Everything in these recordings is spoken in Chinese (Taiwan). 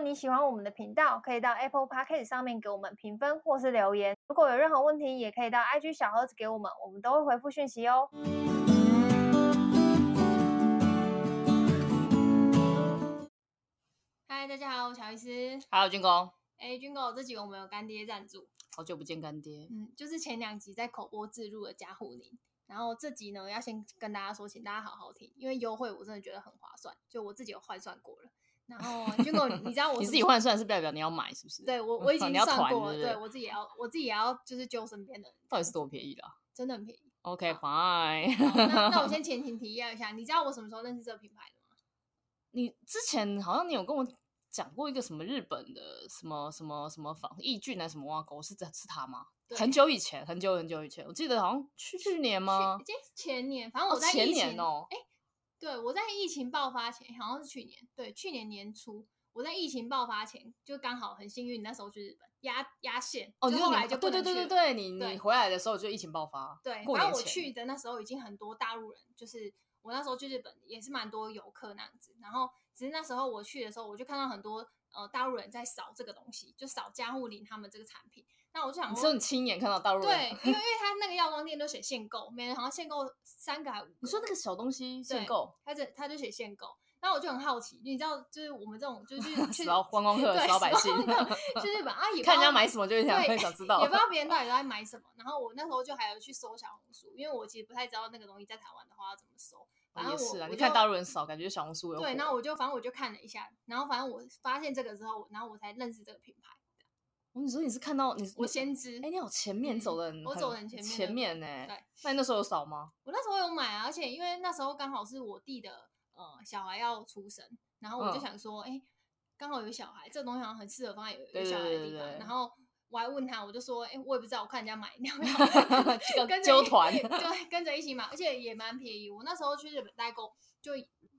你喜歡我們的頻道，可以到 Apple Podcast 上面給我們評分或是留言。如果有任何問題，也可以到 IG 小盒子給我們，我們都會回復訊息哦。嗨，大家好，我是喬伊斯。hello 軍哥。哎，軍哥，這集我們有乾爹贊助。好久不見，乾爹。嗯，就是前兩集在口播置入的加護靈。然後這集呢，要先跟大家說，請大家好好聽，因為優惠我真的覺得很划算，就我自己有換算過了。 然後 Jingle 你知道我，你自己換算是代表你要買是不是？對，我我已經算過了，嗯，是是，對，我自己也要，我自己也要，就是救身邊的人。到底是多便宜啦？真的很便宜。OK, fine。那我先前情提要一下，你知道我什麼時候認識這個品牌的嗎？你之前好像你有跟我講過一個什麼日本的什麼什麼什麼防疫菌啊什麼啊狗是是它嗎？很久以前，很久很久以前，我記得好像去去年嗎？前，前年，反正我在前，前年哦，喔。哎，欸。對，我在疫情爆發前好像是去年，對，去年年初，我在疫情爆發前就剛好很幸運，那時候去日本壓壓線，哦，就是、你就後來就對對對對對，你對你回來的時候就疫情爆發，對，然後我去的那時候已經很多大陸人，就是我那時候去日本也是蠻多遊客那樣子，然後只是那時候我去的時候，我就看到很多。呃，大陸人在掃這個東西，就掃加護靈他們這個產品。那我就想說，你親眼看到大陸人？對，因為因為他那個藥妝店都寫限購，每人好像限購三個還五個。你說那個小東西限購，他就他就寫限購。那我就很好奇，你知道，就是我們這種就是缺觀光客的老百姓，百姓 就是本來也 看人家買什麼，就是想知道，也不知道別人到底在買什麼。然後我那時候就還要去搜小紅書，因為我其實不太知道那個東西在台灣的話要怎麼搜。反正我哦、也是啊，你看大陸人少，感覺小紅書有。對，那我就反正我就看了一下，然後反正我發現這個之後，然後我才認識這個品牌。我、哦、你說你是看到你我先知？哎、欸，你好，前面、嗯、走的，我走得很前面，前面呢、欸？對，那你那時候有掃嗎？我那時候有買啊，而且因為那時候剛好是我弟的呃小孩要出生，然後我就想說，哎、嗯，欸、剛好有小孩，這個東西好像很適合放在有有小孩的地方，對對對對然後。我還問他，我就說，哎、欸，我也不知道，我看人家買，你有有 跟着跟著跟着一起買，而且也蠻便宜。我那時候去日本代購，就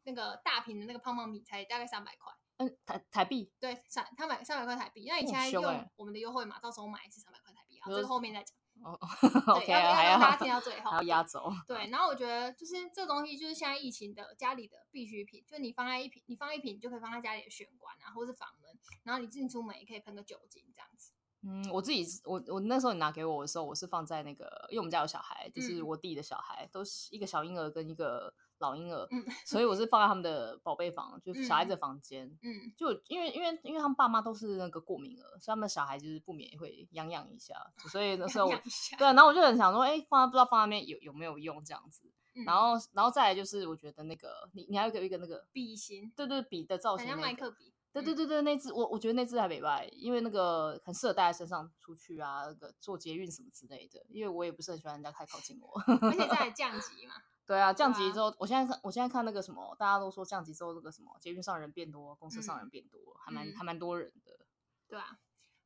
那個大瓶的那個胖胖米才大概三百塊，嗯、呃，台台幣，對，三他買三百塊台幣。那你現在用我們的優惠嘛、哦，到時候買一次三百塊台幣啊，哦、然後這個後面再講。哦對，OK 啊，還要壓軸，對。然後我覺得就是這個、東西，就是現在疫情的家裡的必需品，就你放在一瓶，你放在一瓶，你就可以放在家裡的玄關啊，或是房門，然後你進出門也可以噴個酒精這樣子。嗯，我自己，我我那時候你拿給我的時候，我是放在那個，因為我們家有小孩，就是我弟的小孩，嗯、都是一個小嬰兒跟一個老嬰兒、嗯，所以我是放在他們的寶貝房，就是小孩子房間、嗯。嗯，就因為因為因為他們爸媽都是那個過敏兒，所以他們小孩就是不免會癢癢一下。所以那時候我、啊癢癢，對，然後我就很想說，哎、欸，放在不知道放在那邊有有沒有用這樣子、嗯。然後，然後再來就是我覺得那個，你你還有一個一個那個筆型，對對,對，筆的造型像，像麥克筆。對對對對，那支我我覺得那支還不錯，因為那個很適合帶在身上出去啊，那個坐捷運什麼之類的。因為我也不是很喜歡人家太靠近我，而且在降級嘛。 對啊，降級之後，啊、我現在看我現在看那個什麼，大家都說降級之後那個什麼，捷運上人變多，公車上人變多，嗯、還蠻、嗯、還蠻多人的。對啊，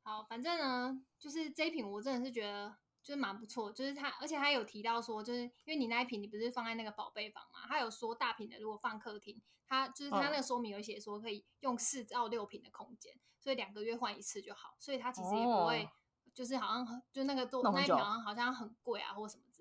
好，反正呢，就是這一品我真的是覺得。就是蠻不錯，就是它，而且它有提到說，就是因為你那一瓶你不是放在那個寶貝房嘛，它有說大瓶的如果放客廳，它就是它那個說明有寫說可以用四到六瓶的空間，所以兩個月換一次就好，所以它其實也不會，Oh. 就是好像就那個做那，那一瓶好，好像很貴啊，或什麼的。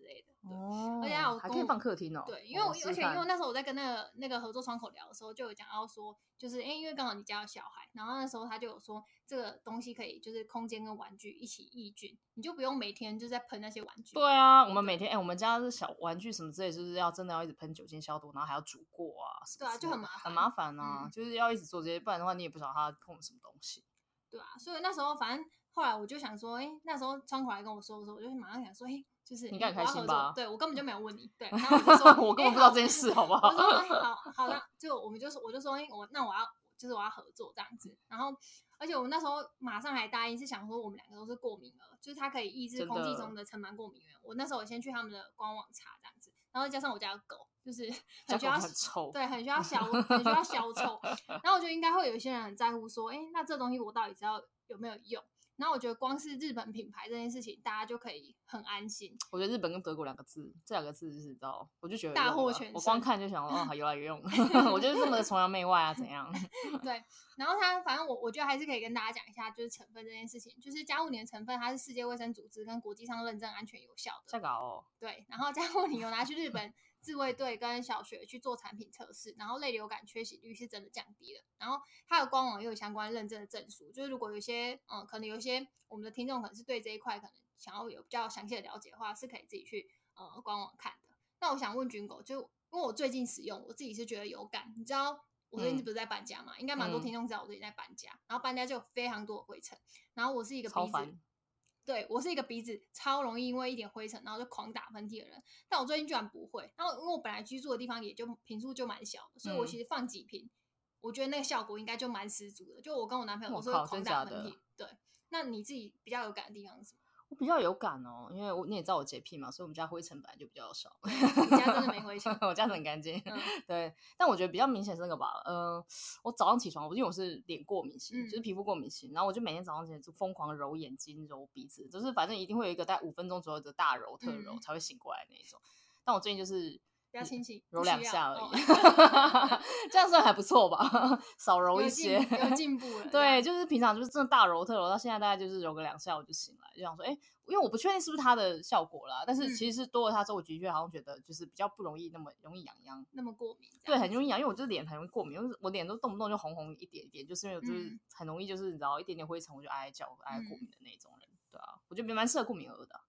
哦，而且我我還可以放客廳哦。對，因為我而且因為那時候我在跟那個那個合作窗口聊的時候，就有講到說，就是哎、欸，因為剛好你家有小孩，然後那時候他就有說，這個東西可以就是空間跟玩具一起抑菌，你就不用每天就在噴那些玩具。對啊，對我們每天哎、欸，我們家的小玩具什麼之類，就是要真的要一直噴酒精消毒，然後還要煮過啊。是不是啊？對啊，就很麻很麻煩啊、嗯，就是要一直做這些，不然的話你也不曉得他碰了什麼東西。對啊，所以那時候反正後來我就想說，哎、欸，那時候窗口還跟我說的時候，我就馬上想說，哎、欸。就是你應該很開心吧、欸、我要合作，對我根本就沒有問你，對，然後我,就說 我根本不知道這件事，好不好？我說、欸、好好的，就我們就說，我就說，哎、欸，我那我要就是我要合作這樣子，然後而且我那時候馬上還答應，是想說我們兩個都是過敏了，就是它可以抑制空氣中的塵蟎過敏源。我那時候我先去他們的官網查這樣子，然後加上我家的狗，就是很需要很臭，對，很需要消，很需要消臭。然後我覺得應該會有一些人很在乎，說，哎、欸，那這東西我到底知道有沒有用？那我覺得光是日本品牌這件事情，大家就可以很安心。我覺得日本跟德國兩個字，這兩個字就是知道，我就覺得大獲全勝。我光看就想說，啊、哦，有來有用。 我就是這麼的崇洋媚外啊，怎樣？ 對。然後它反正我，我覺得還是可以跟大家講一下，就是成分這件事情，就是加護靈的成分，它是世界衛生組織跟國際上認證安全有效的。在搞哦。對，然後加護靈有拿去日本。 自衛隊跟小學去做產品測試，然後類流感缺席率是真的降低了。然後它的官網也有相關認證的證書，就是如果有些嗯，可能有些我們的聽眾可能是對這一塊可能想要有比較詳細的了解的話，是可以自己去呃、嗯、官網看的。那我想問 Jingle，就因為我最近使用，我自己是覺得有感。你知道我最近不是在搬家嘛、嗯？應該蠻多聽眾知道我自己在搬家、嗯，然後搬家就有非常多的灰塵。然後我是一個鼻子。超對，我是一個鼻子超容易因為一點灰塵，然後就狂打噴嚏的人，但我最近居然不會，然後因為我本來居住的地方也就坪數就蠻小的、嗯，所以我其實放幾瓶，我覺得那個效果應該就蠻十足的。就我跟我男朋友，我說狂打噴嚏，對。那你自己比較有感的地方是什麼？我比較有感哦，因為我你也知道我潔癖嘛，所以我們家灰塵本來就比較少。你家真的沒灰塵，我家很乾淨、嗯。對，但我覺得比較明顯是那個吧，嗯、呃，我早上起床，我因為我是臉過敏性、嗯，就是皮膚過敏性，然後我就每天早上起來就瘋狂揉眼睛、揉鼻子，就是反正一定會有一個大概五分鐘左右的大揉特揉才會醒過來那一種、嗯。但我最近就是。比較輕輕揉兩下而已，哦、 這樣算還不錯吧？少揉一些，有進步，有進步了。對，就是平常就是這種大揉特揉，到現在大概就是揉個兩下我就醒來，就想說，哎、欸，因為我不確定是不是它的效果啦。嗯、但是其實是多了它之後，我的確好像覺得就是比較不容易那麼容易癢癢，那麼過敏。對，很容易癢，因為我就是臉很容易過敏，因為我臉都動不動就紅紅一點一點，就是因為我就是很容易就是、嗯、你知道一點點灰塵我就哀哀叫哀哀過敏的那種人、嗯。對啊，我覺得蠻適合過敏兒的。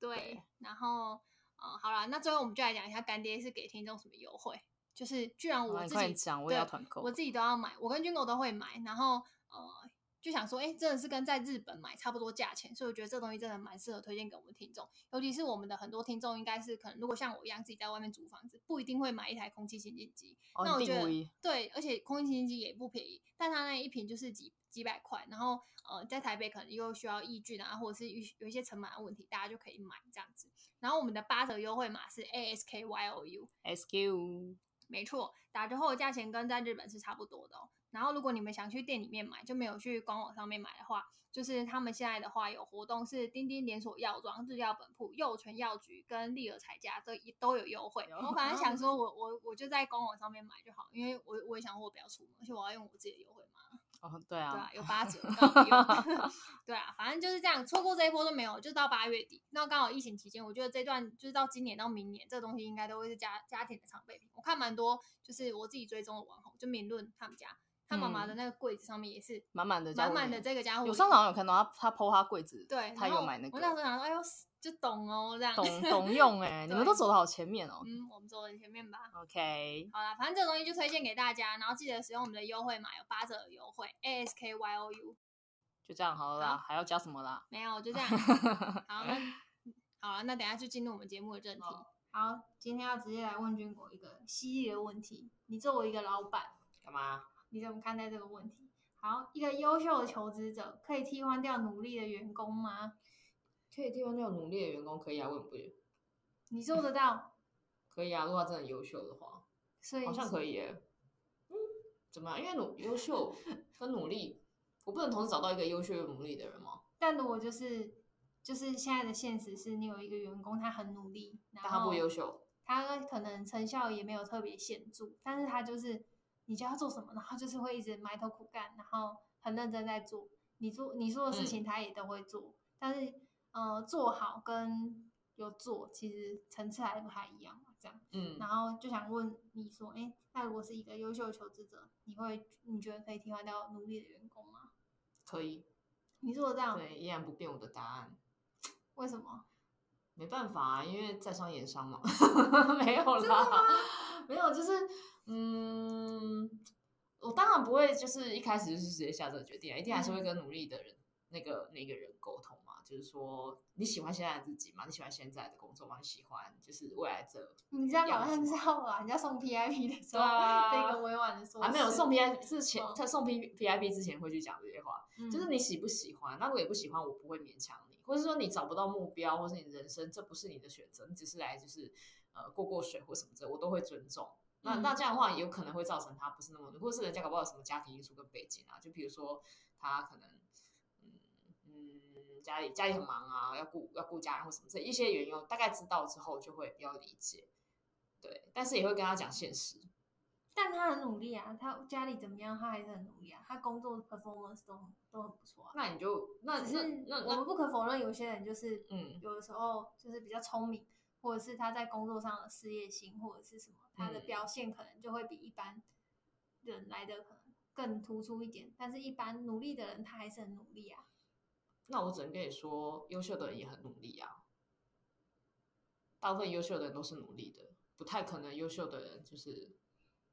對，然後。嗯、好啦，那最後我們就來講一下乾爹是給聽眾什麼優惠？就是，居然我自己，快講，我要團購，我自己都要買，我跟 Jingle 都會買，然後，呃。就想說，哎、欸，真的是跟在日本買差不多價錢，所以我覺得這東西真的蠻適合推薦給我們聽眾。尤其是我們的很多聽眾，應該是可能如果像我一樣自己在外面租房子，不一定會買一台空氣清淨機。Oh, 那我覺得對，而且空氣清淨機也不便宜，但它那一瓶就是幾幾百塊，然後呃，在台北可能又需要抑菌，啊，或者是有一些塵蟎的問題，大家就可以買這樣子。然後我們的八折優惠碼是 a s k y o u s k u 沒錯，打折後的價錢跟在日本是差不多的哦。然後，如果你們想去店裡面買，就沒有去官網上面買的話，就是他們現在的話有活動，是丁丁連鎖藥妝、日藥本鋪、佑全藥局跟麗兒采家都都有優惠。我反正想說我，我我我就在官網上面買就好，因為我我也想我不要出門，而且我要用我自己的優惠。哦，對啊，對啊，有八折， 對啊，反正就是這樣，錯過這一波都沒有，就到八月底。那剛好疫情期間，我覺得這段就是到今年到明年，這東西應該都會是家家庭的常備品。我看蠻多，就是我自己追蹤的網紅，就明論他們家，他媽媽的那個櫃子上面也是、嗯、滿滿的滿滿的這個家伙。有商場有看到他，他 po 他櫃子，對，他有買那個。我，我那時候想說，哎呦。就懂哦，這樣懂懂用哎、欸，你們都走的好前面哦。嗯，我們走在前面吧。OK。好啦。反正這個東西就推薦給大家，然後記得使用我們的優惠碼，有八折優惠。ASKYOU。就這樣好了啦好啦，還要加什麼啦？沒有，就這樣。 好，那好了，那等下就進入我們節目的正題好。好，今天要直接來問 Jingle 一個犀利的問題：你作為一個老板，幹嘛？你怎麼看待這個問題？好，一個優秀的求職者可以替換掉努力的員工嗎？可以替換掉那種努力的員工，可以啊？為什麼不行？你做得到？ 可以啊，如果他真的優秀的話，所以好像可以耶。嗯，怎麼樣？因為努優秀和 努力，我不能同時找到一個優秀又努力的人嗎？但如果就是就是現在的現實是，你有一個員工，他很努力，但他不優秀，他可能成效也沒有特別顯著，但是他就是你叫他做什麼，然後就是會一直埋頭苦幹，然後很認真在做你做你做的事情，他也都會做，嗯、但是。呃，做好跟有做其實層次還不太一樣嘛，這樣。嗯，然後就想問你說，哎、欸，那如果是一個優秀的求職者，你會你覺得可以替換掉努力的員工嗎？可以。你說的這樣？對，依然不變我的答案。為什麼？沒辦法、啊，因為在商言商嘛， 沒有啦。 真的嗎？沒有，就是嗯，我當然不會，就是一開始就是直接下這個決定，一定還是會跟努力的人、嗯、那個那個人溝通。就是說你喜歡現在的自己嗎？你喜歡現在的工作嗎？你喜歡就是未來這個樣嗎？人家馬上就要了，人家送 PIP 的時候，那、啊這個委婉、啊、沒有送 PIP 之前他、哦、送 P PIP 之前會去講這些話，就是你喜不喜歡？那我也不喜歡，我不會勉強你、嗯。或者說你找不到目標，或是你人生這不是你的選擇，你只是來就是呃過過水或什麼這，我都會尊重。那、嗯、那這樣的話有可能會造成他不是那麼的，或者是人家搞不好有什麼家庭因素跟背景啊，就比如說他可能。家裡家裡很忙啊，要顧要顧家人或什麼，一些原因我大概知道之後就會比較理解，對，但是也會跟他講現實。但他很努力啊，他家裡怎麼樣，他還是很努力啊，他工作 performance 都都很不錯啊。那你就那那，那只是我們不可否認，有些人就是嗯，有的時候就是比較聰明、嗯，或者是他在工作上的事業心或者是什麼、嗯，他的表現可能就會比一般人來得可能更突出一點。但是一般努力的人，他還是很努力啊。那我只能跟你說，優秀的人也很努力啊。大部分優秀的人都是努力的，不太可能優秀的人就是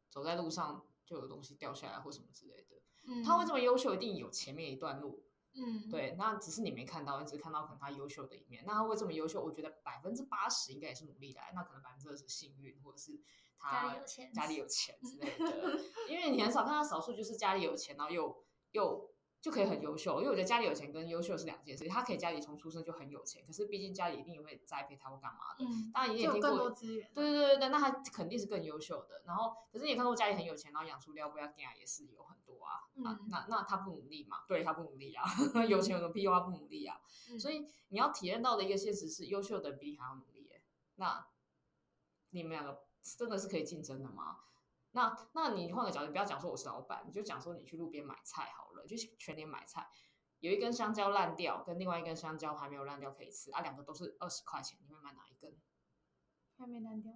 走在路上就有東西掉下來或什麼之類的。嗯，他會這麼優秀，一定有前面一段路。嗯，對。那只是你沒看到，你只看到可能他優秀的一面。那他會這麼優秀，我覺得百分之八十應該也是努力的啊。那可能百分之二十幸運，或者是他家裡有錢之類的。 因為你很少看到少數就是家裡有錢，然後又又。就可以很優秀，因為我覺得家裡有錢跟優秀是兩件事。他可以家裡從出生就很有錢，可是畢竟家裡一定也會栽培他或幹嘛的，當、嗯、然也，也聽過有更多資源，對對對對，那他肯定是更優秀的。然後，可是你也看到我家裡很有錢，然後養出料不要幹也是有很多啊。嗯、啊那那他不努力嘛？對他不努力啊，嗯、 有錢有什麼屁用，他不努力啊，嗯。所以你要體驗到的一個現實是，優秀的人比你還要努力，欸。那你們兩個真的是可以競爭的嗎？那，那你換個角度，不要講說我是老板，你就講說你去路邊買菜好了，就全年買菜，有一根香蕉爛掉，跟另外一根香蕉還沒有爛掉可以吃，啊，兩個都是二十塊錢，你會買哪一根？還沒爛掉？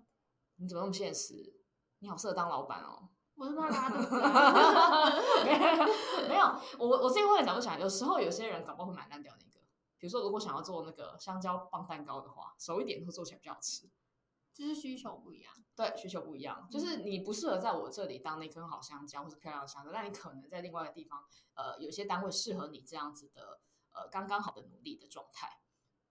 你怎麼那麼現實？你好適合當老板哦！我他媽的！沒有，我我自己換個角度想，有時候有些人搞不好會買爛掉那個。比如說，如果想要做那個香蕉磅蛋糕的話，熟一點會做起來比較好吃。就是需求不一樣，對，需求不一樣。就是你不適合在我這裡當那根好香蕉，或是漂亮的香蕉，那你可能在另外的地方，呃，有些單位適合你這樣子的，呃，剛剛好的努力的狀態。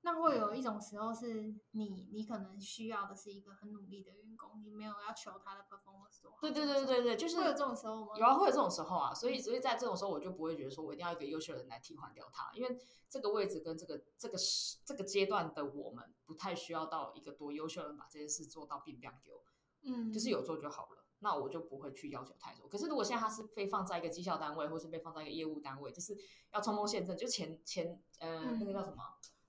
那會有一種時候是你，嗯，你可能需要的是一個很努力的員工，你沒有要求他的 performance 多好。對對對對對，就是會有這種時候嗎？有啊，會有這種時候啊。所，嗯、以，所以在這種時候，我就不會覺得說我一定要一個優秀的人來替換掉他，因為這個位置跟這個這個這個階段的我們不太需要到一個多優秀的人把這件事做到并量丟，嗯，就是有做就好了。那我就不會去要求太多。可是如果現在他是被放在一個績效單位，或是被放在一個業務單位，就是要衝鋒陷陣，就前前呃，嗯、那個叫什麼？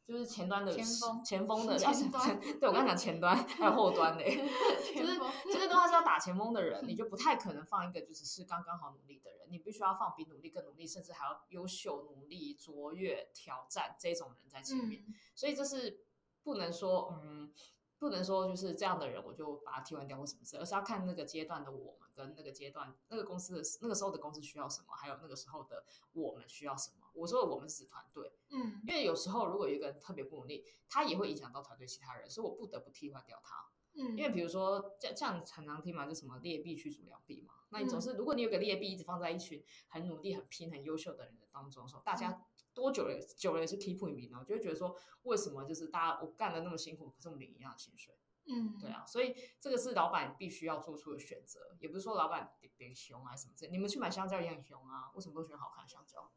就是前端的前鋒，前鋒的前端， 對我剛講前端 還有後端嘞， 就是 就是的話是要打前鋒的人，你就不太可能放一個就只是剛剛好努力的人，你必須要放比努力更努力，甚至還要優秀、努力、卓越、挑戰這種人在前面，嗯，所以這是不能說嗯，不能說就是這樣的人我就把他替換掉或什麼事，而是要看那個階段的我們跟那個階段那個公司的那個時候的公司需要什麼，還有那個時候的我們需要什麼。我說我們是團隊，嗯，因為有時候如果有一個人特別不努力，他也會影響到團隊其他人，所以我不得不替換掉他，嗯，因為比如說這樣常常聽嘛，就什麼劣幣驅逐良幣嘛，那你總是、嗯、如果你有個劣幣一直放在一群很努力、很拼、很優秀的人的當中的時候，大家多久了、嗯、久了也是提不起名啊，就會覺得說為什麼就是大家我幹的那麼辛苦，可是我們領一樣的薪水，嗯，對啊，所以這個是老板必須要做出的選擇，也不是說老板特別凶啊什麼的，你們去買香蕉也很凶啊，為什麼都選好看的香蕉？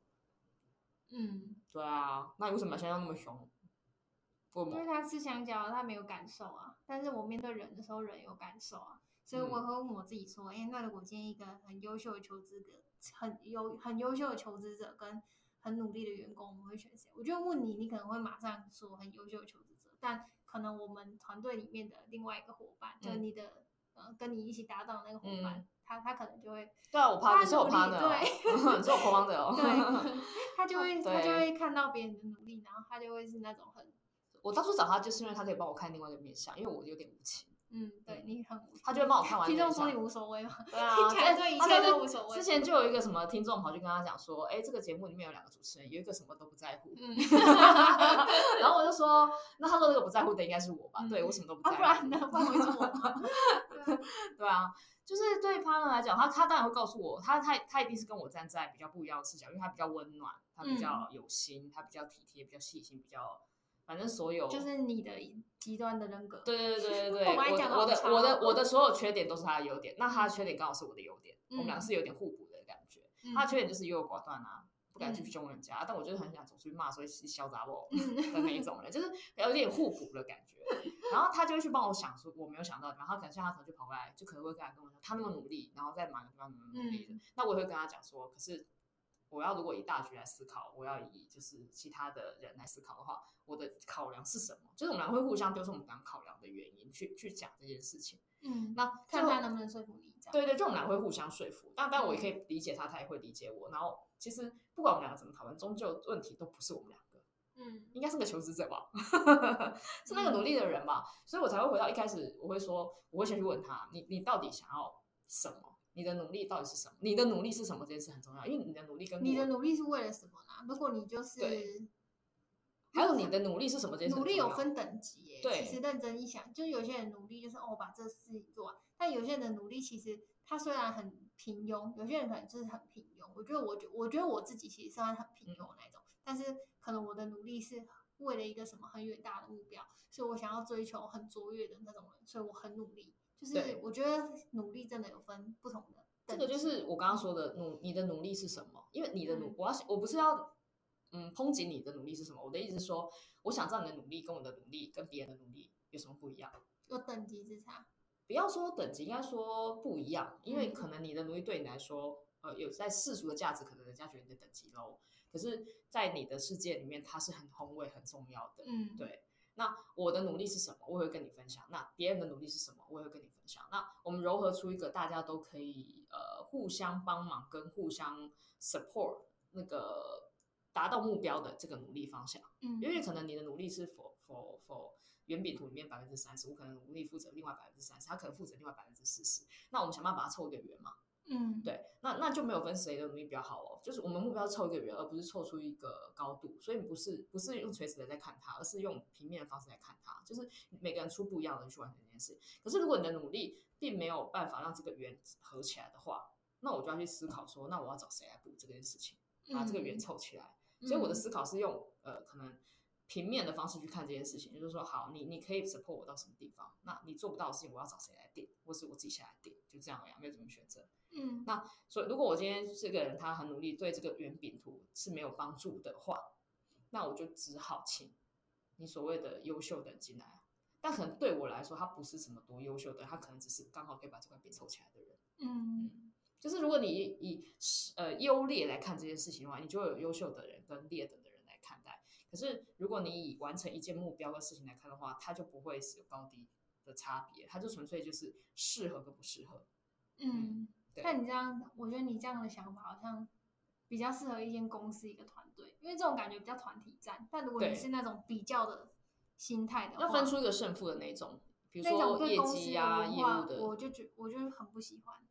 嗯，對啊，那你為什麼香蕉那麼兇？對，因為它吃香蕉，它沒有感受啊。但是我面對人的時候，人有感受啊。所以我會問我自己說：哎、嗯，欸，那如果今天一個很優秀的求職者，很優很優秀的求職者跟很努力的員工，我們會選誰？我就問你，你可能會馬上說很優秀的求職者，但可能我們團隊裡面的另外一個夥伴、嗯，就你的呃，跟你一起搭檔的那個夥伴。嗯嗯他他可能就會 對啊，我怕你是我誇的，是我慌的哦。對， 的哦 對，他就會， 他，就會 他就會看到別人的努力，然後他就會是那種很。我當初找他就是因為他可以幫我看另外一個面相，因為我有點無情。嗯，對你很他就會幫我看完。聽眾說你無所謂嗎？對啊，哎， 對一切都無所謂。之前就有一個什麼聽眾跑去跟他講說，哎、欸，這個節目裡面有兩個主持人，有一個什麼都不在乎。嗯， 然後我就說，那他說這個不在乎的應該是我吧？嗯、對我什麼都不在乎，啊、不然呢，不然為什麼？對啊。就是對他 a 來講，他他當然會告訴我，他他他一定是跟我站在比較不一樣的視角，因為他比較溫暖，他比較有心，嗯、他比較體貼，比較細心，比較反正所有就是你的極端的人格，對對對對對，我講的我，我的我的我的，我的所有缺點都是他的優點，那他的缺點剛好是我的優點，嗯、我們兩個是有點互補的感覺，嗯、他的缺點就是優柔寡斷啊。不敢去凶人家，嗯、但我就是很想走出去罵，所以是小雜種的那一種人， 就是有點互補的感覺。然後他就會去幫我想說， 我沒有想到。然後等下他可能就跑過來，就可能會跟他跟我說，他那麼努力，然後在忙個方努力，嗯、那我也會跟他講說，可是我要如果以大局來思考，我要以就是其他的人來思考的話，我的考量是什麼？這、就、種、是、人會互相丟出我們剛考量的原因去去講這件事情。嗯，那看他能不能說服你。對對，對，這種人會互相說服。但、嗯、但我也可以理解他，他也會理解我。然後其實。不管我們兩個怎麼討論，終究問題都不是我們兩個。嗯，應該是個求職者吧， 是那個努力的人吧、嗯，所以我才會回到一開始，我會說，我會先去問他，你你到底想要什麼？你的努力到底是什麼？你的努力是什麼？這件事很重要，因為你的努力跟力你的努力是為了什麼呢？如果你就是，還有你的努力是什麼這些？這件事努力有分等級耶。對，其實認真一想，就有些人努力就是哦我把這事情做完，但有些人的努力其實他雖然很。平庸，有些人可能就是很平庸。我覺得我覺得，我覺得我自己其實算很平庸的那種、嗯，但是可能我的努力是為了一個什麼很遠大的目標，所以我想要追求很卓越的那種人，所以我很努力。就是我覺得努力真的有分不同的。這個就是我剛剛說的努，你的努力是什麼？因為你的努，我、嗯、要我不是要嗯抨擊你的努力是什麼？我的意思是說，我想知道你的努力跟我的努力跟別人的努力有什麼不一樣？有等級之差。不要說等級，應該說不一樣，因為可能你的努力對你來說，嗯、呃，有在世俗的價值，可能人家覺得你的等級 low，可是，在你的世界裡面，它是很宏偉、很重要的。嗯，對。那我的努力是什麼，我會跟你分享；那別人的努力是什麼，我也會跟你分享。那我們糅合出一個大家都可以呃互相幫忙跟互相 support 那個達到目標的這個努力方向。嗯，因為可能你的努力是 for for for 圓餅圖裡面百分之三十，我可能努力負責另外百分之三十，他可能負責另外百分之四十。那我們想辦法把它湊一個圓嘛？嗯，對，那那就沒有分誰的努力比較好哦。就是我們目標湊一個圓，而不是湊出一個高度。所以不是不是用垂直的在看它，而是用平面的方式來看它。就是每個人出不一樣的去完成這件事。可是如果你的努力並沒有辦法讓這個圓合起來的話，那我就要去思考說，那我要找誰來補這件事情，把這個圓湊起來、嗯。所以我的思考是用呃可能。平面的方式去看這件事情，也就是說，好，你你可以 support 我到什麼地方，那你做不到的事情，我要找誰來定，或是我自己下來定，就這樣而已，沒有什麼選擇。嗯，那所以如果我今天這個人他很努力，對這個圓餅圖是沒有幫助的話，那我就只好請你所謂的優秀的人進來。但可能對我來說，他不是什麼多優秀的人，他可能只是剛好可以把這塊餅湊起來的人。嗯。嗯，就是如果你以呃優劣來看這件事情的話，你就會有優秀的人跟劣的人。可是如果你以完成一件目標的事情來看的話，它就不會是有高低的差別，它就純粹就是適合跟不適合。嗯對，但你這樣，我覺得你這樣的想法好像比較適合一間公司一個團隊，因為這種感覺比較團體戰。但如果你是那種比較的心態的話，那分出一個勝負的那種，比如說業績啊,啊業務的，我就覺得我就很不喜歡。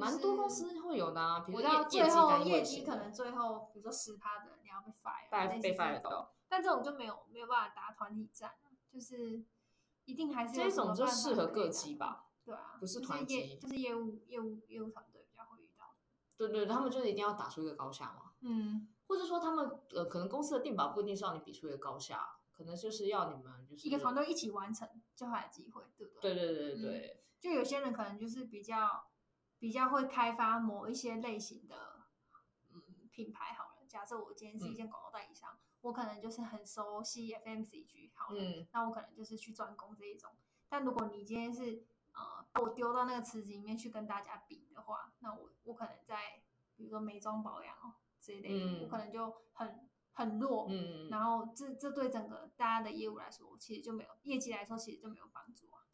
蠻多公司會有、啊、比如到最後業績可能最後比如說十趴的，你要,要 fire, 被 fire、啊、被 fire 掉但這種就沒有沒有辦法打團體戰，就是一定還是這種就適合各級吧？對啊，不是團體，就是業務業務業務團隊比較會遇到。對對、嗯，他們就是一定要打出一個高下嘛。嗯，或者說他們呃，可能公司的定法不一定是要你比出一個高下，可能就是要你們就是一個團隊一起完成，就還有機會，對不對？對對對對，對就有些人可能就是比較比較會開發某一些類型的嗯品牌好了、嗯，假設我今天是一間廣告代理商。嗯我可能就是很熟悉 FMCG，好了，嗯，那我可能就是去專攻這一種。但如果你今天是呃，把我丟到那個池子裡面去跟大家比的話，那我我可能在比如說美妝保養這一類的，嗯，我可能就很很弱，嗯，然後這這對整個大家的業務來說，其實就沒有，業績來說其實就沒有幫助啊。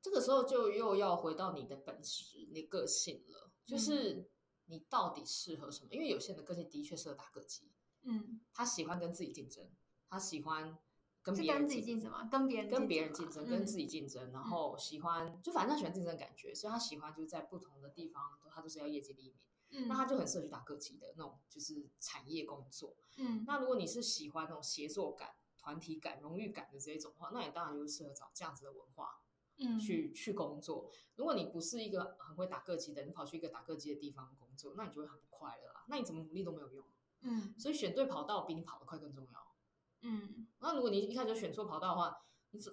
這個時候就又要回到你的本事、你個性了，就是你到底適合什麼？嗯、因為有些人的個性的確適合打個機。嗯，他喜歡跟自己競爭，他喜歡跟別人競爭嘛，跟別人跟別人競爭，跟別人競爭、嗯，跟自己競爭，然後喜歡就反正他喜歡競爭的感覺、嗯，所以他喜歡就是在不同的地方，他都是要業績第一名。嗯，那他就很適合去打各級的那種就是產業工作。嗯，那如果你是喜歡那種協作感、團體感、榮譽感的這一種的話，那你當然就是適合找這樣子的文化，嗯，去去工作。如果你不是一個很會打各級的，你跑去一個打各級的地方工作，那你就會很不快樂啦、啊。那你怎麼努力都沒有用。嗯，所以選對跑道比你跑得快更重要。嗯，那如果你一開始選錯跑道的話，你只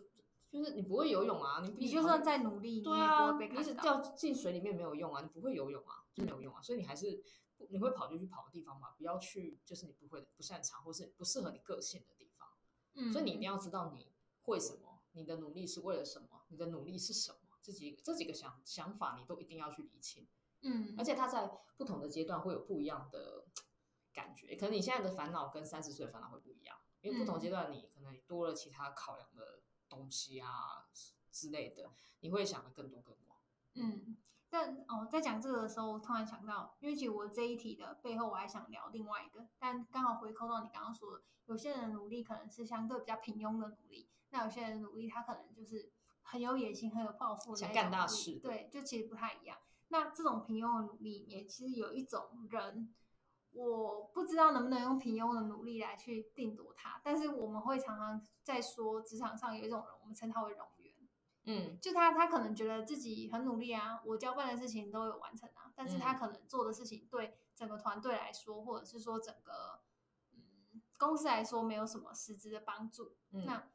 就是你不會游泳啊，你你，你就算再努力你，對啊，你一直掉進水裡面沒有用啊，你不會游泳啊就沒有用啊，所以你還是你會跑就去跑的地方吧，不要去就是你不會的、不擅長或是不適合你個性的地方。嗯，所以你一定要知道你會什麼，你的努力是為了什麼，你的努力是什麼，自己這幾個想想法你都一定要去理清。嗯，而且它在不同的階段會有不一樣的。感覺，可能你現在的煩惱跟三十歲的煩惱會不一樣，因為不同階段你可能多了其他考量的東西啊、嗯、之類的，你會想的更多更廣。嗯，但哦，在講這個的時候，我突然想到，因為其實我這一題的背後，我還想聊另外一個，但剛好回扣到你剛剛說的，有些人的努力可能是相對比較平庸的努力，那有些人的努力他可能就是很有野心、很有抱負的那種，想幹大事。對，就其實不太一樣。那這種平庸的努力，也其實有一種人。我不知道能不能用平庸的努力來去定奪他，但是我們會常常在說，職場上有一種人，我們稱他為“冗員”。嗯，就他，他可能覺得自己很努力啊，我交辦的事情都有完成啊，但是他可能做的事情對整個團隊來說，嗯、或者是說整個、嗯、公司來說，沒有什麼實質的幫助。嗯、那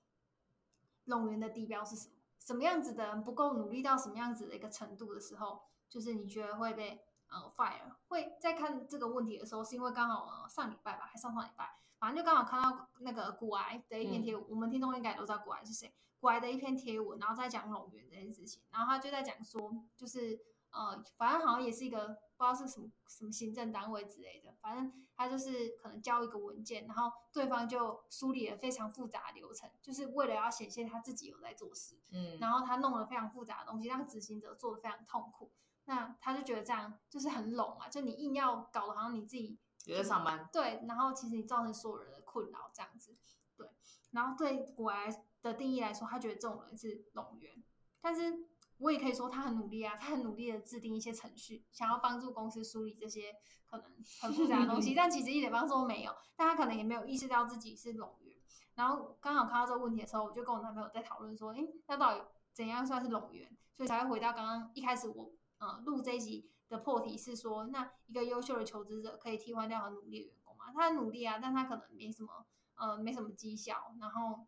冗員的標準是什麼？什麼樣子的人不夠努力到什麼樣子的一個程度的時候，就是你覺得會被？呃，fire 會在看這個問題的時候，是因為剛好上禮拜吧，還上上禮拜，反正就剛好看到那個股癌的一篇貼文，嗯，我們聽眾應該都知道股癌是誰。股癌的一篇貼文，然後在講冗員這件事情。然後他就在講說，就是呃，反正好像也是一個不知道是什麼什麼行政單位之類的。反正他就是可能交一個文件，然後對方就梳理了非常複雜的流程，就是為了要顯現他自己有在做事。嗯，然後他弄了非常複雜的東西，讓執行者做得非常痛苦。那他就覺得這樣就是很冗啊，就你硬要搞得，好像你自己在上班，對，然後其實你造成所有人的困擾這樣子，對，然後對果埃的定義來說，他覺得這種人是冗員，但是我也可以說他很努力啊，他很努力的制定一些程序，想要幫助公司梳理這些可能很複雜的東西， 但其實一點幫助都沒有，但他可能也沒有意識到自己是冗員。然後剛好看到這個問題的時候，我就跟我男朋友在討論說，誒、欸，那到底怎樣算是冗員？所以才會回到剛剛一開始我。嗯，錄這一集的破題是說，那一個優秀的求職者可以替換掉很努力的員工嗎？他努力啊，但他可能沒什麼，呃，沒什麼績效，然後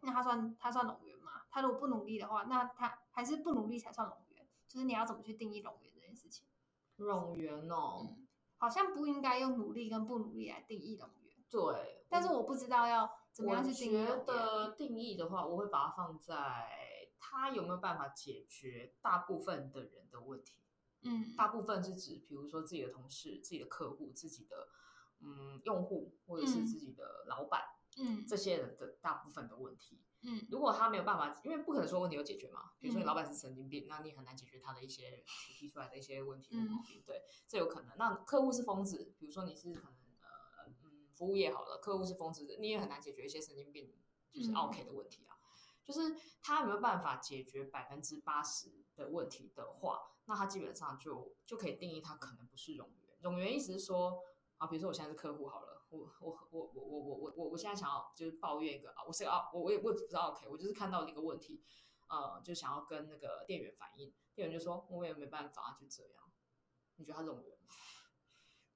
那他算他算冗員嗎？他如果不努力的話，那他還是不努力才算冗員，就是你要怎麼去定義冗員這件事情？冗員哦、嗯，好像不應該用努力跟不努力來定義冗員。對，但是我不知道要怎麼樣去定義。我覺得定義的話，我會把它放在。他有沒有辦法解決大部分的人的問題？嗯，大部分是指，比如說自己的同事、自己的客戶、自己的嗯用戶，或者是自己的老板，嗯，這些人的大部分的問題。嗯，如果他沒有辦法，因為不可能說問題有解決嘛。比如說你老板是神經病，嗯，那你很難解決他的一些提出來的一些問題、的問題、毛，嗯、病，對，這有可能。那客戶是瘋子，比如說你是可能呃嗯服務業好了，客戶是瘋子的，你也很難解決一些神經病就是 OK 的問題啊。嗯嗯就是他有沒有辦法解決百分之八十的問題的話，那他基本上就就可以定義他可能不是冗員。冗員意思是說啊，比如說我現在是客戶好了，我我我我我我我我我現在想要就是抱怨一個啊，我是個啊，我我也我也不知道 OK，我就是看到那個問題，呃，就想要跟那個店員反映，店員就說我也沒辦法，就這樣。你覺得他是冗員嗎？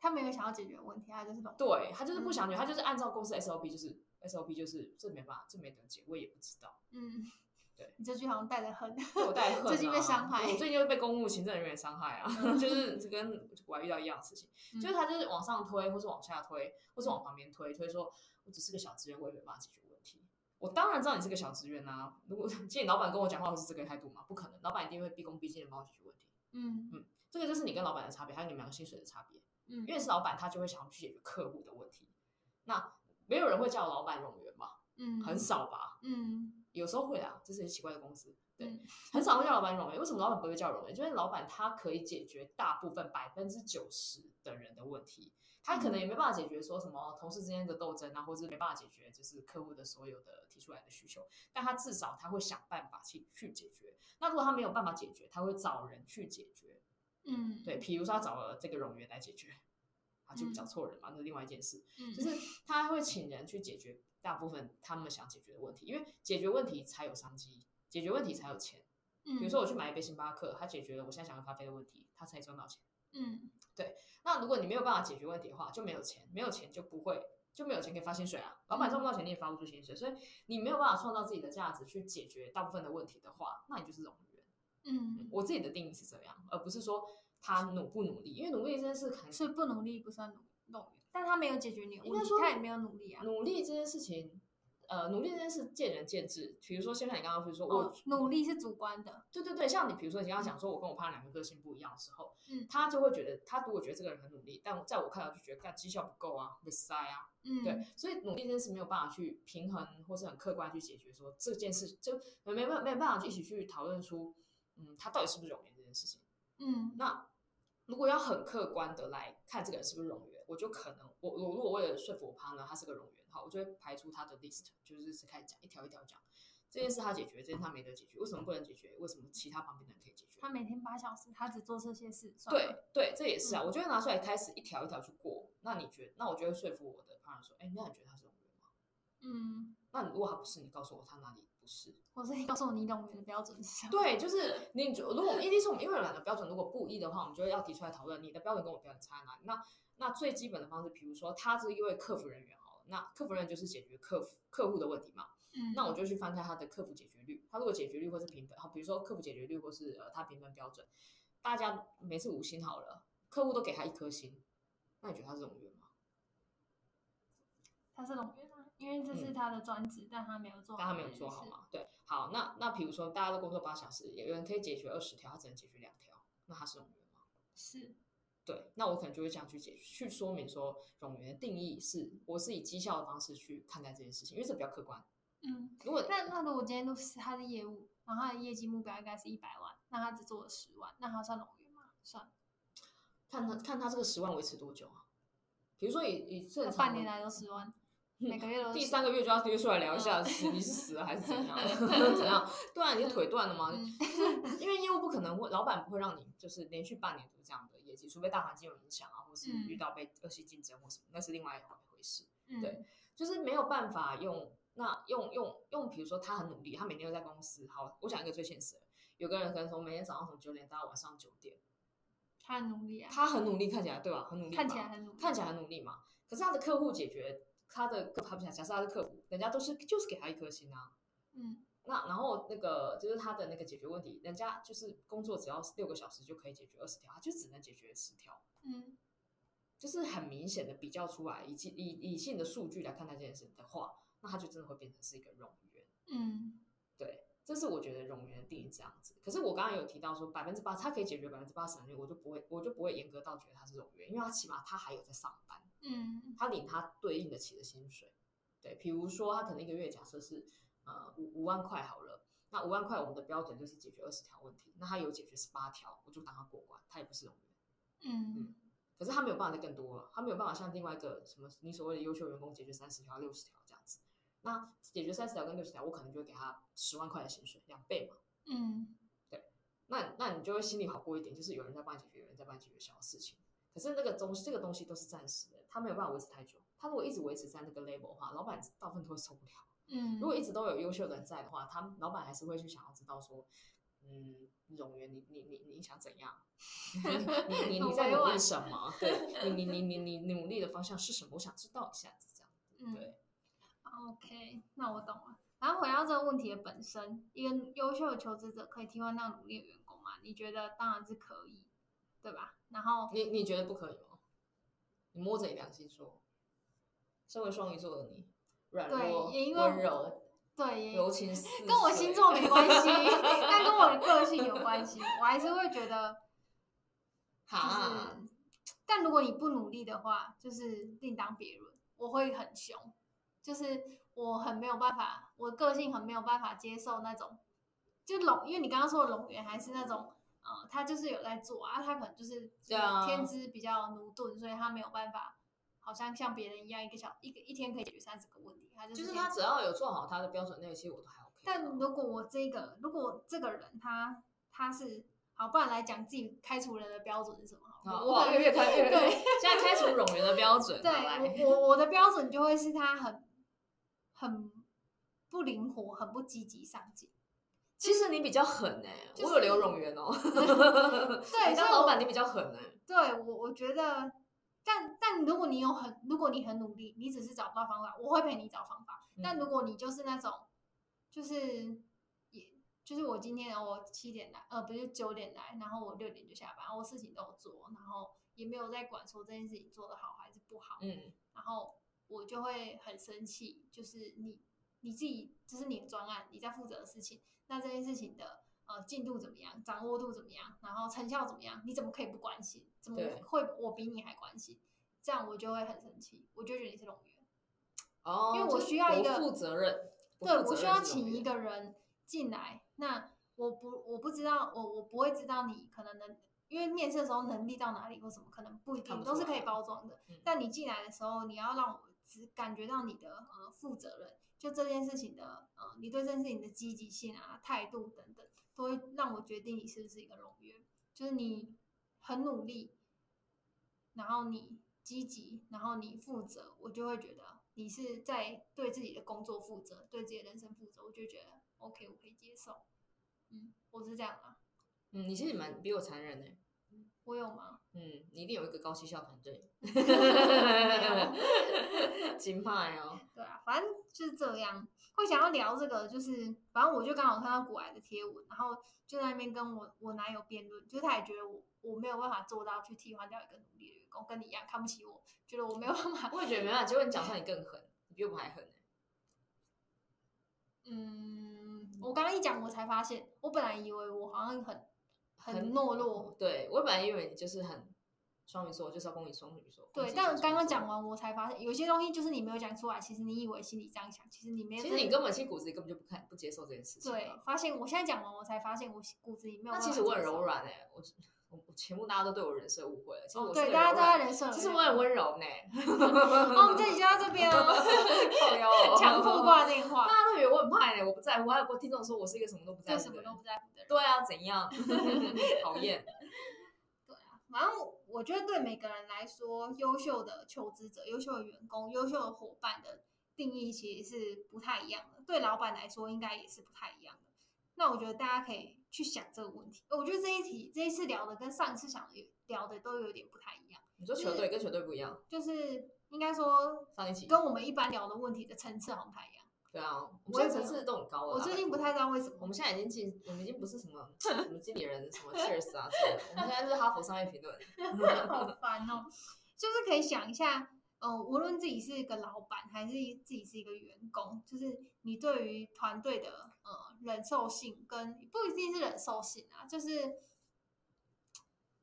他沒有想要解決問題啊，他就是把對，他就是不想解決，嗯，他就是按照公司 SOP 就是。SOP 就是這沒辦法，這沒得解，我也不知道。嗯，對，你這句好像帶着恨，我帶恨、啊。最近被傷害，我最近又被公務行政人員傷害啊。嗯、 就是這跟我還遇到一樣的事情，嗯、就是他就是往上推，或是往下推，或是往旁邊推，推說我只是個小職員，我也沒辦法解決問題。我當然知道你是個小職員吶、啊，如果見老闆跟我講話都是這個態度嘛，不可能，老闆一定會畢恭畢敬的幫我解決問題。嗯嗯，這個就是你跟老闆的差別，還有你們要薪水的差別。嗯，因為是老闆，他就會想要去解決客戶的問題。那沒有人會叫老板冗員吧？嗯，很少吧。嗯，有時候會啊，這是很奇怪的公司。對，嗯、很少會叫老板冗員。為什麼老板不會叫冗員？就是老板他可以解決大部分百分之九十的人的問題，他可能也沒辦法解決說什麼同事之間的鬥爭啊，嗯、或者是沒辦法解決就是客戶的所有的提出來的需求，但他至少他會想辦法去去解決。那如果他沒有辦法解決，他會找人去解決。嗯，對，比如說他找了這個冗員來解決。啊，就找錯人了。嗯，那另外一件事，嗯。就是他會請人去解決大部分他們想解決的問題，因為解決問題才有商機，解決問題才有錢。嗯，比如說我去買一杯星巴克，他解決了我現在想要咖啡的問題，他才賺到錢。嗯，對。那如果你沒有辦法解決問題的話，就沒有錢，沒有錢就不會就沒有錢可以發薪水啊。老板賺不到錢，你也發不出薪水，所以你沒有辦法創造自己的價值去解決大部分的問題的話，那你就是冗員。嗯，我自己的定義是這樣，而不是說。他努不努力？因為努力這件事很是不努力不算努力，但他沒有解決你我跟你說，他也沒有努力啊。努力這件事情，呃，努力這件事是見仁見智。比如說，現在你剛剛說，哦、我努力是主觀的。對對對，對，像你比如說，你剛剛講說我跟我爸兩個個性不一樣的時候，嗯、他就會覺得他如果覺得這個人很努力，但在我看來就覺得幹績效不夠啊，沒塞啊，嗯，對，所以努力這件事沒有辦法去平衡，或是很客觀去解決說這件事，就沒辦沒，沒辦法一起去討論出，嗯，他到底是不是冗員這件事情，嗯，那。如果要很客觀的來看這個人是不是冗員，我就可能我我如果為了說服我 partner，他是個冗員，好，我就會排出他的 list，就是開始講一條一條講、嗯，這件事他解決，這件事他沒得解決，為什麼不能解決？為什麼其他旁邊的人可以解決？他每天八小時，他只做這些事，對對，這也是啊、嗯，我就會拿出來開始一條一條去過，那你覺得？那我就會說服我的 partner 說，哎，那你覺得他是冗員嗎？嗯，那你如果他不是，你告訴我他哪裡？是，我是告訴你，你懂我們的標準是？對，就是你。如果一定是我們因為兩個標準，如果不一的話，我們就要提出來討論。你的標準跟我標準差在哪裡？那那最基本的方式，比如說，他是一位客服人員好了，那客服人員就是解決客服客戶的問題嘛。嗯，那我就去翻開他的客服解決率，他如果解決率或是評分，好，比如說客服解決率或是呃他評分標準，大家每次五星好了，客戶都給他一顆星，那你覺得他是冗員嗎？他是冗員。因為這是他的專職，嗯、但他沒有做好，但他沒有做好嘛？對，好，那那比如說大家都工作八小時，有人可以解決二十條，他只能解決兩條、條，那他是冗員嗎？是，對，那我可能就會這樣去解去說明說冗員的定義是，我是以績效的方式去看待這件事情，因為這比較客觀。嗯，如果那那如果今天都是他的業務，然後他的業績目標應該是一百萬，那他只做了十萬，那他算冗員嗎？算，看他看他這個十萬維持多久啊？比如說以以這半年來都十萬。嗯、每個月都第三個月就要約出來聊一下，哦，你是死了還是怎樣？ 怎樣斷，啊？你腿斷了嗎？嗯就是，因為業務不可能會，老闆不會讓你就是連續半年都這樣的業績，除非大環境有影響啊，或是遇到被惡性競爭或什麼，嗯，那是另外一回事，嗯。對，就是沒有辦法用那用用用，用用比如說他很努力，他每天都在公司。好，我講一個最現實的，有個人可能說，每天早上從九點到晚上九點，他很努力啊，他很努力，看起來對吧？很努力，看起來很努力，看起來很努力嘛。可是他的客戶解決。他的，他的客不想，假設他是客戶，人家都是就是給他一顆心啊，嗯，那然後那個就是他的那個解決問題，人家就是工作只要六個小時就可以解決二十條，他就只能解決十條，嗯，就是很明顯的比較出來，以及以理性的數據來看待這件事情的話，那他就真的會變成是一個冗員，嗯。這是我覺得冗員的定義這樣子，可是我剛剛有提到說百分之八，他可以解決百分之八十的人，我就不會，我就不會嚴格到覺得他是冗員，因為他起碼他還有在上班，嗯，他領他對應得起的薪水，對，比如說他可能一個月假設是呃五五萬塊好了，那五萬塊我們的標準就是解決二十條問題，那他有解決十八條，我就當他過關，他也不是冗員，嗯，嗯，可是他沒有辦法再更多了，他沒有辦法像另外一個什麼你所謂的優秀員工解決三十條、六十條。60條那解決三十條跟六十條，我可能就會給他十萬塊的薪水，兩倍嘛。嗯，對。那那你就會心裡好過一點，就是有人在幫你解決，有人在幫你解決小事情。可是那個東西，這個東西都是暫時的，他沒有辦法維持太久。他如果一直維持在那個 level 的話，老闆大部分都會受不了。嗯，如果一直都有優秀的人在的話，他老闆還是會去想要知道說，嗯，冗員你你你你想怎樣？ 你你你在努力什麼？ 對你你你你你努力的方向是什麼？我想知道一下子這樣子，嗯、對。OK，那我懂了。然後回到這個問題的本身，一個優秀的求職者可以替換掉努力的員工嗎？你覺得當然是可以，對吧？然後你你覺得不可以嗎？你摸着你良心說，身為雙魚座的你，軟弱對也因為溫柔，對柔情跟我星座沒關係， 但跟我的個性有關係。我還是會覺得，哈、就是， 但如果你不努力的話，就是另當別論。我會很凶。就是我很沒有辦法，我個性很沒有辦法接受那種，就冗，因為你剛剛說的冗員還是那種，呃，他就是有在做啊，他可能就是,就是天資比較駑鈍、啊，所以他沒有辦法，好像像別人一樣，一個小一個一天可以解決三十個問題，他就是,就是他只要有做好他的標準那容，我都還 ok、啊。但如果我這個，如果這個人他他是好，不然來講自己開除人的標準是什麼？好我哇，越開越 對，現在開除冗員的標準，對 我我的標準就會是他很。很不靈活，很不積極上進，就是。其實你比較狠哎，欸就是，我有留冗員哦，喔。 對，當老闆你比較狠哎，欸。對，我我覺得，但但如果你有很，如果你很努力，你只是找不到方法，我會陪你找方法。嗯，但如果你就是那種，就是也就是我今天我七點來，呃，不是九點來，然後我六點就下班，我事情都有做，然後也沒有在管說這件事情做得好還是不好，嗯，然後。我就會很生氣，就是你你自己，這、就是你的專案，你在負責的事情，那這件事情的呃進度怎麼樣，掌握度怎麼樣，然後成效怎麼樣，你怎麼可以不關心？怎麼會我比你還關心？這樣我就會很生氣，我就覺得你是冗員，哦、oh，因為我需要一個、就是、負責任，責任，對，我需要請一個人進來，那我不我不知道，我我不會知道你可能能，因為面試的時候能力到哪裡或什麼，可能不一定不都是可以包裝的、嗯，但你進來的時候，你要讓我。只感覺到你的呃負責任，就這件事情的呃，你對這件事情的積極性啊、態度等等，都會讓我決定你是不是一個冗員。就是你很努力，然後你積極，然後你負責，我就會覺得你是在對自己的工作負責，對自己的人生負責，我就覺得 OK，我可以接受。嗯，我是這樣的。嗯，你是蠻比我殘忍的。我有嗎？嗯，你一定有一個高績效團隊，金牌哦。對啊，反正就是這樣。會想要聊這個，就是反正我就剛好看到古來的貼文，然後就在那邊跟我我男友辯論，就是他也覺得我我沒有辦法做到去替換掉一個努力的員工，跟你一樣看不起我，覺得我沒有辦法。我也覺得沒辦法。結果你講出來，你更狠，你比我還狠，欸。嗯，我剛剛一講，我才發現，我本來以為我好像很。很,很懦弱，對，我本來以為你就是很。雙魚座就是要攻你雙魚座。對，但剛剛講完，我才發現有些東西就是你沒有講出來，其實你以為心裡這樣想，其實你沒有。其實你根本，其實骨子裡根本就不看、不接受這件事情。對，發現我現在講完，我才發現我骨子裡沒有。那其實我很柔軟誒、欸，我全部大家都對我人設誤會了。哦，對，大家都在人設。其實我很溫柔誒、欸。啊、oh,，我們這裡就到這邊哦。對 哦、喔。強迫掛電話。喔、我 imos. 我 imos. 大家都以為我很叛逆、欸，我不在乎。還有個聽眾說我是一個什麼都不在乎、什麼都不在乎的人。對啊，怎樣？討厭。反正我覺得對每個人來說，優秀的求職者、優秀的員工、優秀的夥伴的定義其實是不太一樣的。對老板來說，應該也是不太一樣的。那我覺得大家可以去想這個問題。我覺得這一題這一次聊的跟上一次想聊的都有點不太一樣。你說球隊跟球隊不一樣，就是、就是、應該說上一期跟我們一般聊的問題的層次好像不太一樣。對啊，我們現在層次都很高了啊。我最近不太知道為什麼，我們現在已經進，我們已經不是什麼 什麼經理人、什麼 Cheers 啊什麼。我們現在是哈佛商業評論， 好煩哦。就是可以想一下，嗯、呃，無論自己是一個老闆，還是自己是一個員工，就是你對於團隊的呃忍受性跟，跟不一定是忍受性啊，就是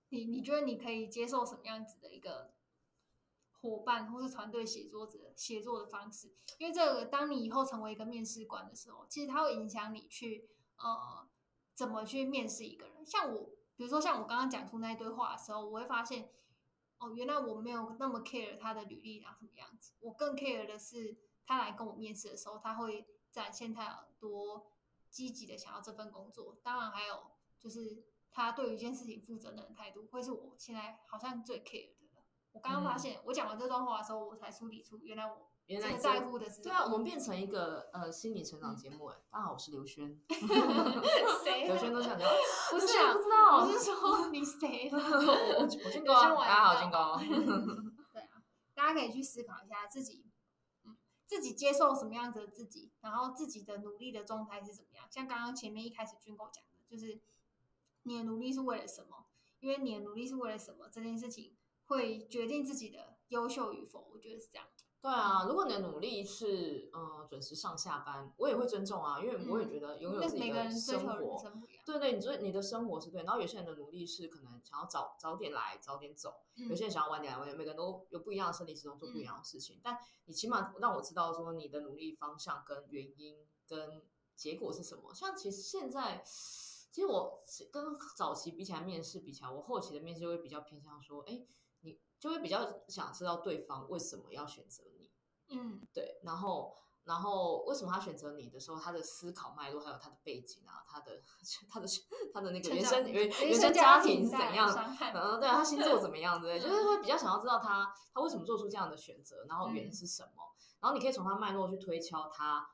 你你覺得你可以接受什麼樣子的一個。夥伴或是團隊協作者協作的方式，因為這個，當你以後成為一個面試官的時候，其實它會影響你去呃怎麼去面試一個人。像我，比如說像我剛剛講出那一堆話的時候，我會發現，哦，原來我沒有那麼 care 他的履歷長什麼樣子，我更 care 的是他來跟我面試的時候，他會展現他有多積極的想要這份工作。當然還有就是他對於一件事情負責任的態度，會是我現在好像最 care。我剛剛發現、嗯，我講完這段話的時候，我才梳理出原來我原來在乎的事情，是對啊，我們變成一個呃心理成長節目哎、嗯，大家好我、 啊，我是劉軒。誰？劉軒都想叫。不是不知道，我是說你誰了、啊？ 我、啊、我大家好，俊哥、哦。 對啊，大家可以去思考一下自己，嗯，自己接受什麼樣子的自己，然後自己的努力的狀態是怎麼樣？像剛剛前面一開始俊哥講的，就是你的努力是為了什麼？因為你的努力是為了什麼這件事情。會決定自己的優秀與否，我覺得是這樣。對啊，如果你的努力是嗯、呃，準時上下班，我也會尊重啊，因為我也覺得擁有自己的生活。嗯、是生對對，你做你的生活是對，然後有些人的努力是可能想要早早點來早點走，有些人想要晚點來晚點。每個人都有不一樣的生理時鐘，做不一樣的事情、嗯。但你起碼讓我知道說，你的努力方向跟原因跟結果是什麼。像其實現在，其實我跟早期比起來，面試比起來，我後期的面試就會比較偏向說，哎。就會比較想知道對方為什麼要選擇你，嗯，對，然後，然後為什麼他選擇你的時候，他的思考脈絡，還有他的背景啊，他的他的他的那個原生原生家庭是怎樣，嗯，對啊，他星座怎麼樣， 對，就是會比較想要知道他他為什麼做出這樣的選擇，然後原因是什麼，嗯，然後你可以從他脈絡去推敲他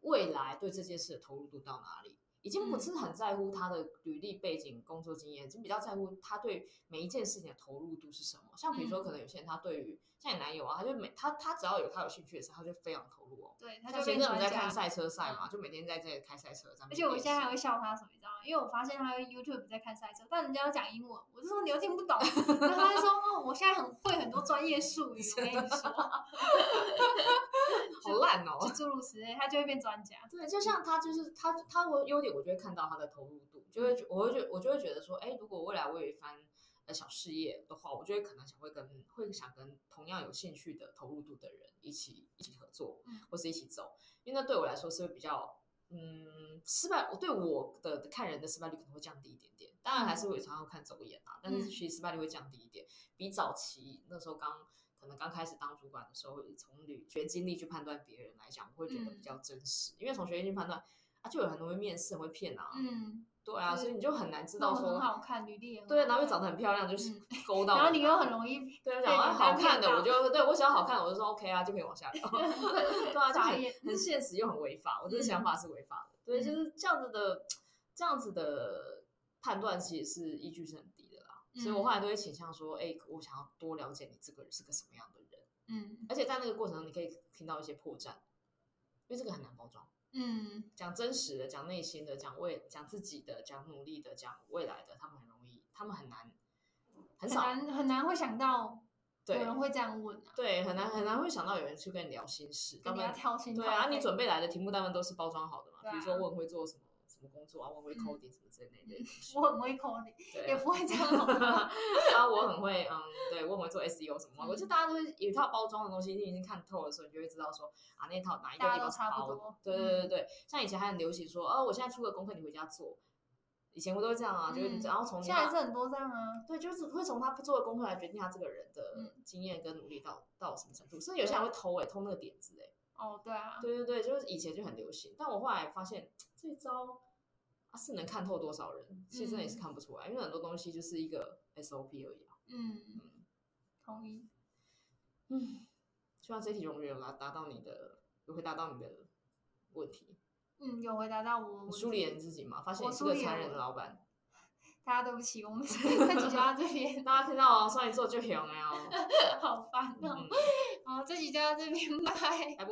未來對這件事的投入度到哪裡。已經不是很在乎他的履歷背景、工作經驗、嗯，已經比較在乎他對每一件事情的投入度是什麼，像比如說，可能有些人他對於、嗯、像你男友啊，他就每他他只要有他有興趣的時候，他就非常投入哦。對，他就陣子在，在看賽車賽嘛，就每天在這裡開賽車。而且我現在還會笑他什麼你知道嗎？因為我發現他在 YouTube 在看賽車，但人家要講英文，我就說你又聽不懂。然 後他就說哦，我現在很會很多專業術語， 我跟你說。 注 入時，他就會變專家。對，就像他，就是他，他我優點，我就會看到他的投入度，就會，我會覺，我就會覺得說，誒、欸，如果未來我有一番呃小事業的話，我就會可能想會跟，會想跟同樣有興趣的投入度的人一起一起合作，嗯，或是一起走、嗯，因為那對我來說是會比較，嗯，失敗。我對我的看人的失敗率可能會降低一點點，當然還是我也常會常常看走眼啊、嗯，但是其實失敗率會降低一點，嗯、比早期那時候剛。剛開始當主管的時候，從學經歷去判斷別人來講，我會覺得比較真實，嗯、因為從學歷去判斷，啊，就有很多人會面試會騙啊，嗯，對啊對，所以你就很難知道說，很好看女也好對，然後又長得很漂亮，嗯、就是勾到，然後你又很容易，對、哎、對我講啊、哎哎哎，好看的，我就對我講好看，我就、哎、我我就說、哎 okay, 哎就哎、我我就說 OK 啊，就可以往下聊， 對啊，就很、很現實又很違法，我這個想法是違法的、嗯，對，就是這樣子的，這樣子的判斷其實是依據是很。所以我後來都會傾向說，哎、嗯欸，我想要多了解你這個人是個什麼樣的人。嗯，而且在那個過程中，你可以聽到一些破綻，因為這個很難包裝。嗯，講真實的，講內心的，講未，講自己的，講努力的，講未來的，他們很容易，他們很難，很少很難，很難會想到有人會這樣問、啊、對，對，很難很難會想到有人去跟你聊心事。他們你要挑心挑。對啊，你準備來的題目當然都是包裝好的嘛。比如說，問會做什麼？什麼工作啊？我會 coding 什麼之類的。嗯、我很會 coding 也不會這樣。然 後、啊、我很會嗯，對，我很會做 SEO 什麼。我、嗯、覺得大家都有一套包裝的東西，你已經看透了，所以你就會知道說啊，那套、個、哪一個地方差不多對對對，對、嗯，像以前還很流行說，呃、啊，我現在出個功課，你回家做。以前不都是這樣啊？就是、嗯、然後從現在是很多這樣啊。對，就是會從他做的功課來決定他這個人的經驗跟努力到、嗯、到什麼程度。所以有些人會偷哎、欸，偷那個點子哎、欸。哦，對啊，對對對，就是以前就很流行，但我後來發現這招。啊、是能看透多少人？其實這也是看不出來、嗯，因為很多東西就是一個 SOP 而已啊。嗯，嗯同意。嗯，希望這題終於有達到你的，有回答到你的問題。嗯，有回答到我。我蘇聯自己嘛，發現你是個殘忍的老闆。大家對不起，我們這幾家 煩、喔、 這邊。大家聽到我雙你做就行了哦，好煩哦。哦，這幾家這邊拜拜，